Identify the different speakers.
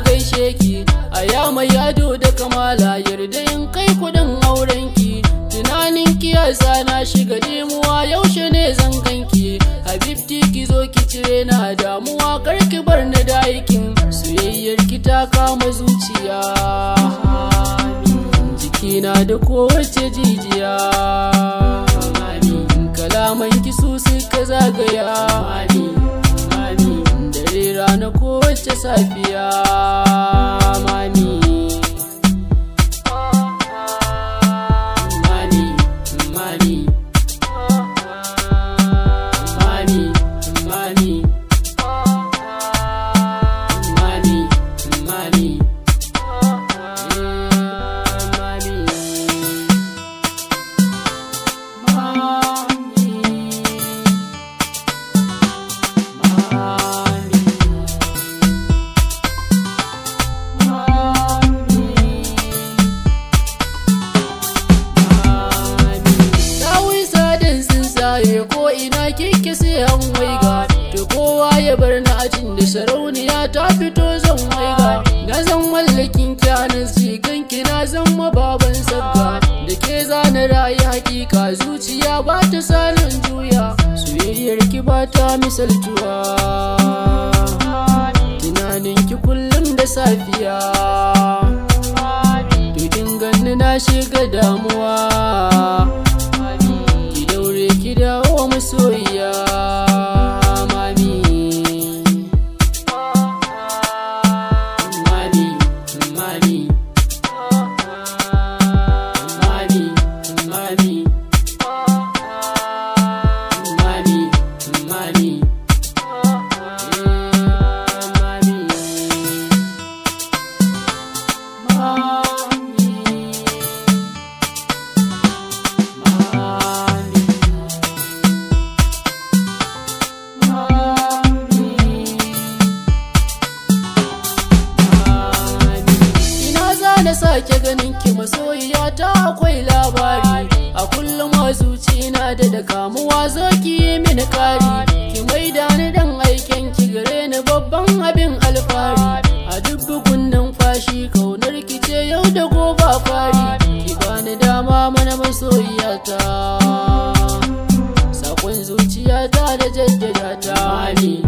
Speaker 1: gaishe ki a ya mai yado da kamala yarda in kai kudin auren ki tunanin ki na shiga demuwa yaushe ne zan ganki habibti ki zo ki cire na damuwa kar ki bar na daikin soyayyar ki ta kama zuciya jikina da kowace jijiya kalaman ki su suka zagaya dare rana kowace safiya ina kike sai an waiga to kowa ya bar na ajin da sarauniya ta fito zan waiga na zan mallakin kyanin sigan kina zan mababan sabga da ke zana rayu hakika zuciya ba ta sanin juya soyayyar ki ba ta misaltuwa tunanin ki kullum da safiya to kin ganni na shiga damuwa ganin ki masoyiya ta akwai labari a kullum a zucina da da kamuwa zo ki yi mini kari ki maida ni dan aikin ki gare ni babban abin alfari a duk bugun fashi kaunar ki ce yau da gobe fari ki bani dama mana masoyiyata sakon zuciyata da jaddada ta amin